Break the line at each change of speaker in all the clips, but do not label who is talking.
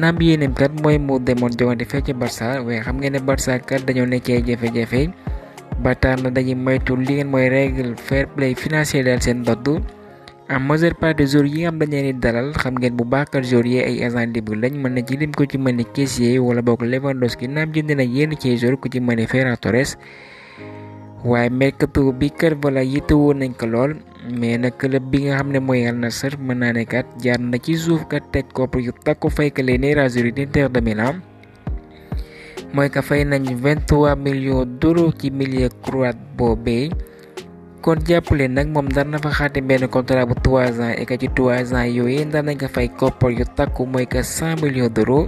naam yéeneem kat mooy mu demoon joŋante fee ci Barça waaye xam ngeen ne Barça kat dañoo nekkee jafe-jafe ba tax na dañuy moytu li ngeen mooy règle fair play financier daal seen ndod en majeure partie des yi nga xam dañ leen dalal xam ngeen bu baax kat joueurs yi ay agent libre lañ mën na ci lim ko ci mën ni Kessié wala boog Lewandowski naam jënd na yenn ci joueurs ku ci mën ni Waymaker tu bikar bola yitu neng kolol mena club bi nga xamne moy Al na mën na ne kat jaar na ci suuf ka tek ko yu takku fay ke lene razuri ter de Milan moy ka fay nañ 23 millions d'euros ci milieu croate bobé kon jappale nak mom dar na fa xati ben contrat bu 3 ans e ka ci 3 ans yoyé e, dar nañ ka fay kopal yu takku moy ka 100 millions d'euros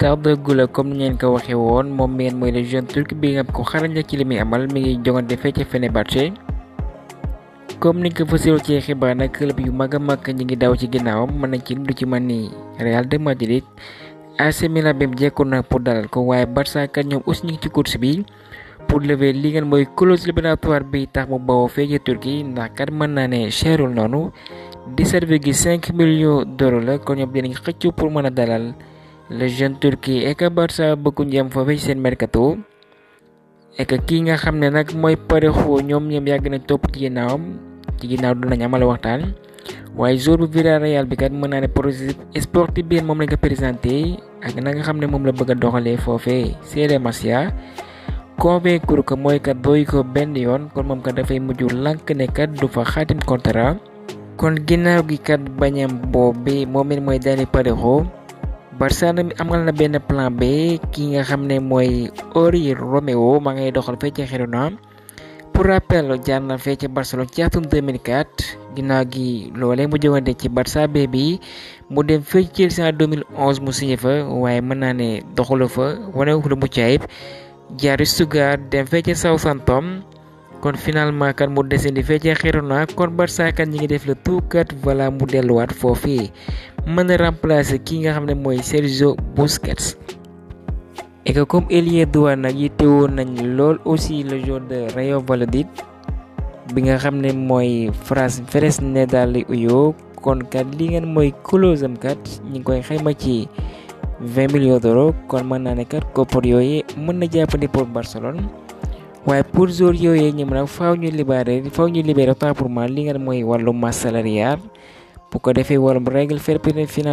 tardegula comme ni ngeen ko waxee won mom meen moy le jeune turc bi nga ko xaraña ci li amal mi ngi jongante ci fene Fenerbahçe comme ni ko fësiroo ci xibaar nag club yu maga mak ñi ngi daw ci ginaaw man nañ ci lu ci man ni Real de Madrid AC Milan bi jekku na pour dalal ko waye Barça kat ñom us ñi ci course bi pour lever li ngeen mooy clause libératoire bi tax mu bawoo fee ci Turquie ndax kat mën naa ne cherul noonu 17,5 millions d'euros la ko ñom dinañ xëccu pour mëna dalal legend तुर्की एक Barca बकुंजम फवेशन मेरकतो एक kinga xamne nak moy pare xo ñom ñam yag na top ci ginaaw ci ginaaw dina ñamal waxtaan wai jour bu real bi kat mëna ne projet sportif bi mom lañ ko présenter ak na nga xamne mom la bëgg doxalé fofé Cede Masia kuru que moy kat boy ko ben yon kon mom ka da fay mujju lank ne kat du kon ginaaw gi kat bañam bobé momit moy dali pare Barça amal na benn plan B ki nga xam ne mooy Ori Romeo ma ngay doxal fee ci Girona pour rappel jaar na fee ci Barcelone ci atum 2004 ginnaaw gi loolee mu jëwante ci Barça B bi mu dem fee ci Chelsea en 2011 mu signé fa waaye mën naa ne doxalu fa wane lu ci ayib jaar Sugar dem fee ci Southampton kon finalement kan mu desandi fee ci Girona kon Barça kan ñi ngi def le tout kat voilà mu delluwaat foofii mën a remplacer ki nga xam ne mooy Sergio Busquets. et que comme ailier droit nag woon nañ lool aussi le joueur de Rayo Valladolid bi nga xam ne mooy france ne daal uyoo kon kat li ngeen mooy close kat ñu ngi koy xayma ci 20 millions d'euros kon mën naa ne kat koppar yooyu mën na jàppandi pour Barcelone waaye pour joueur yooyu ñoom nag faaw ñu libéré faaw ñu libéré autant pour li ngeen mooy wàllu masse salariale.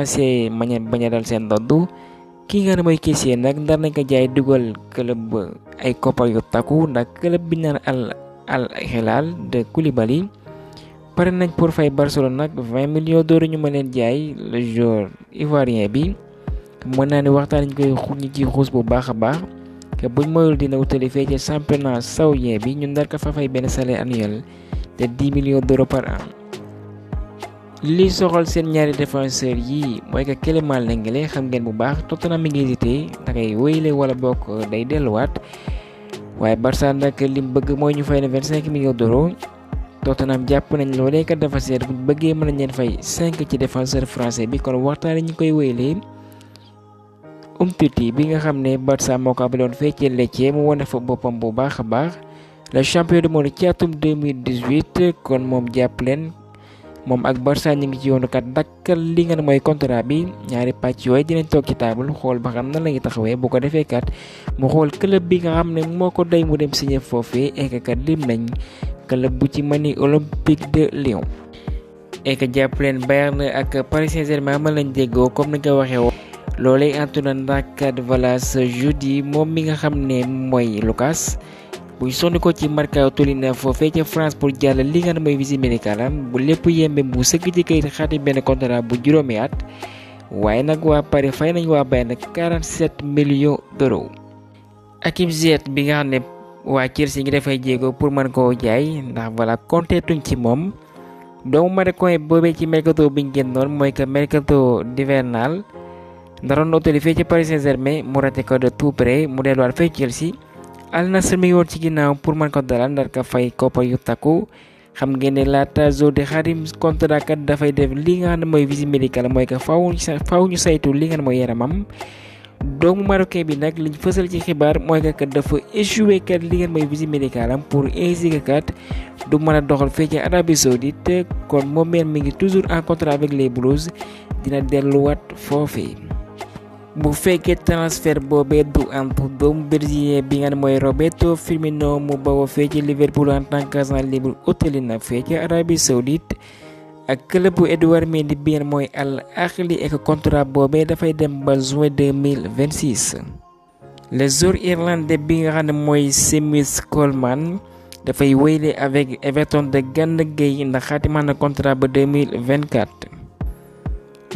se manya banya dal sen menyadal ki tu Kingan boy kisi nak darne ka jai dugal keleb ay kopal taku nak keleb binar al al helal de Koulibaly pare nañ pour fay Barcelona 20 millions d'euros ñu mëne jaay le joueur ivoirien bi mën naa ne waxtaan ñu koy xul ci xuus bu baax a baax que buñ moyul dina wutali fee ci championnat saoudien bi ñu ndar ka fa fay benn salaire annuel de 10 millions d'euros par an li soxal seen ñaari défenseur yi mooy que Clément Lenglet xam ngeen bu baax Tottenham mi ngi hésité da ngay wéyle wala bokk day delluwaat waaye Barça nak li bëgg mooy ñu fay ne 25 millions d'euros Tottenham japp nañ loolee ka dafa seet bu bëggee mën nañ leen fay 5 ci défenseur français bi kon waxtaane ñu koy wéyle Umtiti bi nga xam ne Barça moo ko abaloon fee ci Lecce mu wane fa boppam bu baax a baax le champion du monde ci atum 2018 kon moom jàpp leen mom ak barsa ñi ngi ci yoonu kat dakkal li nga moy contrat bi ñaari pàcc yoy dinañ toog ci taabal xool ba xam nan la ngi taxawé bu ko défé kat mu xol club bi nga xamné moko doy mu dem signé ek eh, kat lim nañ club bu ci mani olympique de lyon ek eh, jàpp leen bayern ak paris saint germain ma lañ déggo comme ni nga waxé woon loolee antoine voilà ce jeudi mom mi nga xamné moy lucas buy sonn ko ci marka tuli Tolina foofee ca France pour jàll li nga may visi mooy am bu lepp yembe bu sëkk ci kayit xati ben contrat bu juromi at waye nak wa Paris fay nañ waa Bayern 47 millions d'euros. akim ziet bi nga xam ne waa Chelsea ngi dafay jéego pour man nah, ko jay ndax voilà compter tuñ ci mom do moom doomu koy bobé ci mercato bi ñu génnoon moy que mercato d'hivernal ndaroon no utali fee ci Paris Saint-Germain mu raté ko de tout près mu delluwaat fee Chelsea. Al Nassr mi ngi woon ci ginnaaw pour mën ko dalal ndar fay koppar takku xam ngeen ne laata jour de xarim contrat dafay def li nga xam mooy visite médicale mooy que faaw ñu faaw saytu li nga xam ne mooy yaramam. doomu marocain bi nag liñ fësal ci xibaar mooy que kat dafa échoué kat li ngeen mooy visite médicale am pour ainsi kat du mën a doxal fii ci Arabie Saoudite kon moom mi ngi toujours en contrat avec les Blues dina delluwaat foofee. bu fekkee transfert boobee du am doomu brésilien bi nga mooy Roberto Firmino mu bawoo fee ci Liverpool en tant qu'agent libre utali na fee ci Arabie Saoudite ak club bu Edouard Mendy bi nga mooy Al Ahly ak contrat boobee dafay dem ba juin 2026 le joueur bi nga xam ne mooy Seamus Coleman dafay wéyle avec Everton de Gana Gueye ndax xaatimaan na contrat ba 2024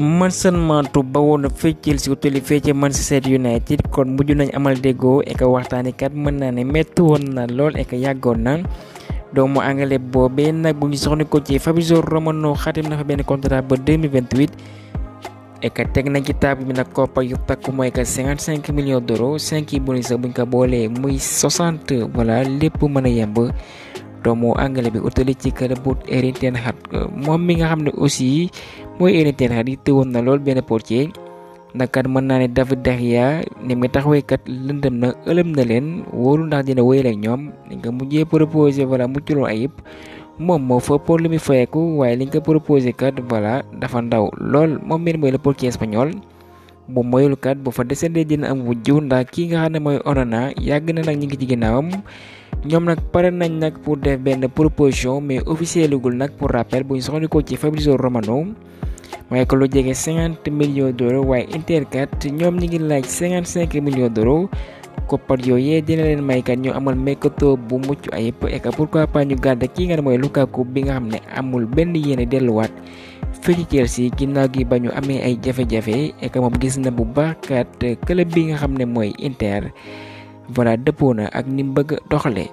Mason Mount bawoon na fii Chelsea ko tolli fii ci Manchester United kon mujj nañ amal déggoo ek waxtaani kat mën naa ne métti woon na lool ek yàggoon na doomu angale boobee nag bu ñu soxni ko ci Fabrizio Romano xaatim na fa benn contrat ba 2028 eka teg nañ ci table bi nag koppa yu takk mooy que 55 millions d'euros 5 yi bonus sax buñ ko boolee muy 60 voilà lépp mën a yemb doomu angale bi utali ci club bu Erik ten Hag moom mi nga xam ne aussi mooy Eritier xat te woon na lool benn portier ndax mën naa ne dafa De Gea ni mu taxawee kat lëndëm na ëlëm na leen wóolu ndax dina wéyal ak ñoom li nga mujjee proposé voilà mucculoo ayib moom moo fa lu muy fayeku waaye li nga ko proposé kat voilà dafa ndaw lool moom meen mooy le portier espagnol. bu moyul kat bu fa desendee dina am wujju ndax kii nga xam ne mooy Onana yàgg na nag ñu ngi ci ginnaawam. ñom nak paré nañ nak pour def benn proposition mais officiel officielugul nak pour rappel buñ soxni ko ci Fabrizio Romano mooy ko lu jege 50 millions d'euros waaye Inter kat ñoom ñi ngi laaj 55 millions d'euros ko koppar yooyee dina len may kat ñu amal mercato bu muccu ayep et pourquoi pas ñu gadd ki nga moy Lukaku bi nga xamné ne amul benn delu wat fi ci Chelsea ginnaw gi bañu amé ay jafé jafé et moom gis na bu baax kat club bi nga xamné moy Inter voilà dëppoo ak nim bëgg doxalee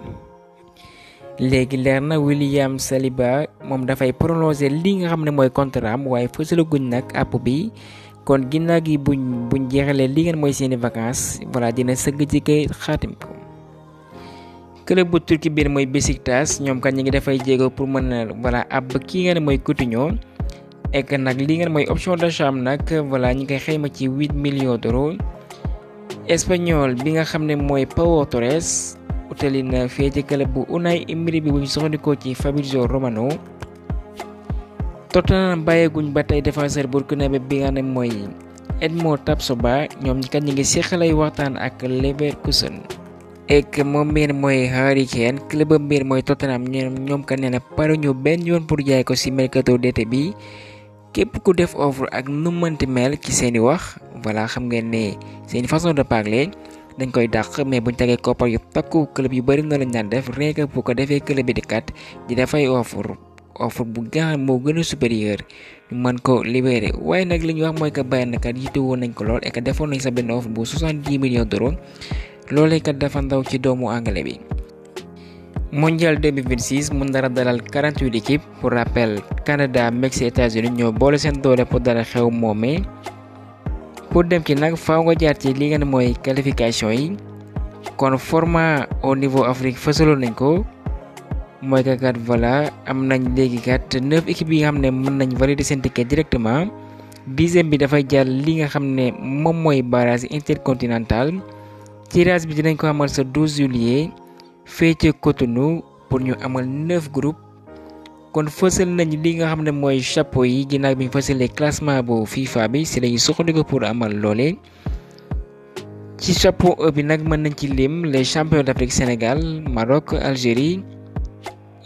légui lérna William Saliba mom da fay prolonger li nga xamné moy contrat am waaye guñ nak app bi kon ginnaaw gi buñ buñ jéxalé li ngeen moy seeni vacances voilà dina sëgg ci kay khatim ko club bu turki bir moy Besiktas ñom kan ñi ngi fay jéggo pour mëna a app ki kii ngeen moy Coutinho ek nak li ngeen moy option d'achat nak nag voilà ñi koy xeyma ci 8 millions d'euros espagnol bi nga xam moy Pau Torres utali na club bu Unai Emery bi bu ñu ci Fabrizio Romano Tottenham baye ba tey défenseur burkinabé bi nga ne moy Edmo Tapsoba ñi kan ñi ngi seqalay waxtaan ak Leverkusen ek moom mbir moy Harry Kane club mbir moy Tottenham ñom ñoom kat nee paru ñu ben yoon pour jaay ko ci mercato d'été bi képp ku def offre ak nu mënti mel ci seeni wax voilà xam ngeen ne seen façon de parler dañ koy dàq mais buñ tegee koppar yu takku club yu bari na lañ daan def rien que pour ko defee club bi di kat di dafay offre offre bu gaa moo gën a supérieur ñu mën ko libérer waaye nag li ñu wax mooy que Bayern kat yitte woon nañ ko lool et que defoon nañ sa benn offre bu 70 millions d'euros loolee kat dafa ndaw ci doomu anglais bi mondial 2026 mu dara dalal 48 équipe pour rappel Canada Mexique États-Unis ñoo boole seen doole pour dara xew moomee pour dem ci nag faaw nga jaar ci li nga ne mooy qualification yi kon format au niveau Afrique fësaloon nañ ko mooy que kat voilà am nañ léegi kat 9 équipe yi nga xam ne mën nañ valider seen ticket directement dixième bi dafay jaar li nga xam ne moom mooy barrage intercontinental tirage bi dinañ ko amal sa 12 juillet. fee ca Cotonou pour ñu amal neuf groupes kon fësal nañ li nga xam ne mooy chapeau yi ginnaaw bi ñu fësalee classement bu FIFA bi si lañuy soxla pour amal loole ci chapeau E bi nag mën nañ ci lim les champions d'Afrique Sénégal Maroc Algérie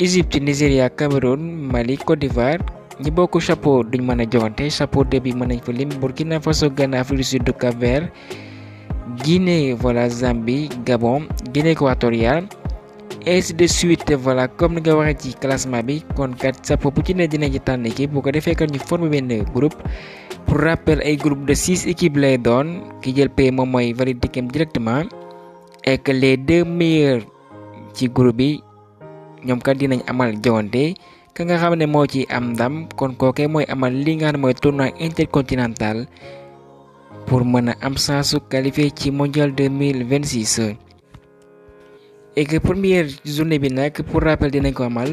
Égypte Nigéria Cameroun Mali Côte d'Ivoire ñi bokk chapeau duñ mën a joxante chapeau D bi mën nañ fa lim Burkina Faso Ghana Afrique du Sud Cap-Vert Guinée voilà Zambie Gabon Guinée équatoriale. ainsi de suite voilà comme ni nga waxee ci classement bi kon kat sapo bu ci ne dina ci tànn équipe boo ko defee kat ñu former benn groupe pour rappel ay groupe de six équipes lay doon ki jël pay moom mooy validé kem directement et que les deux meilleurs ci groupe bi ñoom kat dinañ amal jawante ka nga xam ne moo ci am ndam kon kookee mooy amal lii nga xam ne mooy tournoi intercontinental pour mën a am chance su qualifié ci mondial 2026 et que première journée bi nag pour rappel dinañ ko amal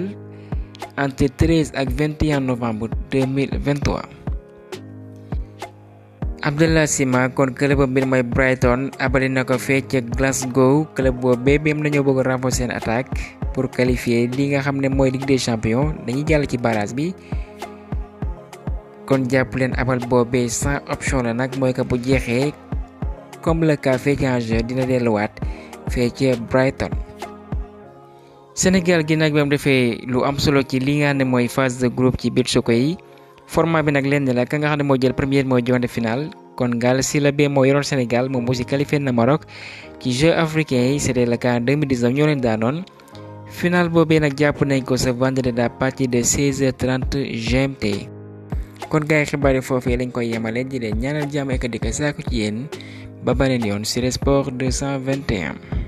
entre 13 ak 21 novembre 2023. Abdallah Sima kon club bi mooy Brighton abali na ko fee ca Glasgow club boobu bébé nañoo bëgg a renforcer seen attaque pour qualifier li nga xam ne mooy Ligue des champions dañuy jàll ci barrage bi. kon jàpp leen abal boobee sans option la nag mooy que bu jeexee comme le cas fee ca Angers dina delluwaat fee ca Brighton. senegal gi nag ba mu defee lu am solo ci li nga xam ne mooy phase de groupe ci biir Choco yi format bi nag lenn la ka nga xam ne moo jël premier mooy joŋante final kon Gall si la bee moo yoroon Sénégal moom moo si qualifié na Maroc ci jeu africain yi c'était le cas 2019 ñoo leen daanoon. final boobee nag jàpp nañ ko sa vendredi à partir de 16h30 GMT. kon gars yi xibaar yi foofee lañ koy yemale di leen ñaanal jàmm ak dikk saako ci yéen ba beneen yoon sur Sport 221.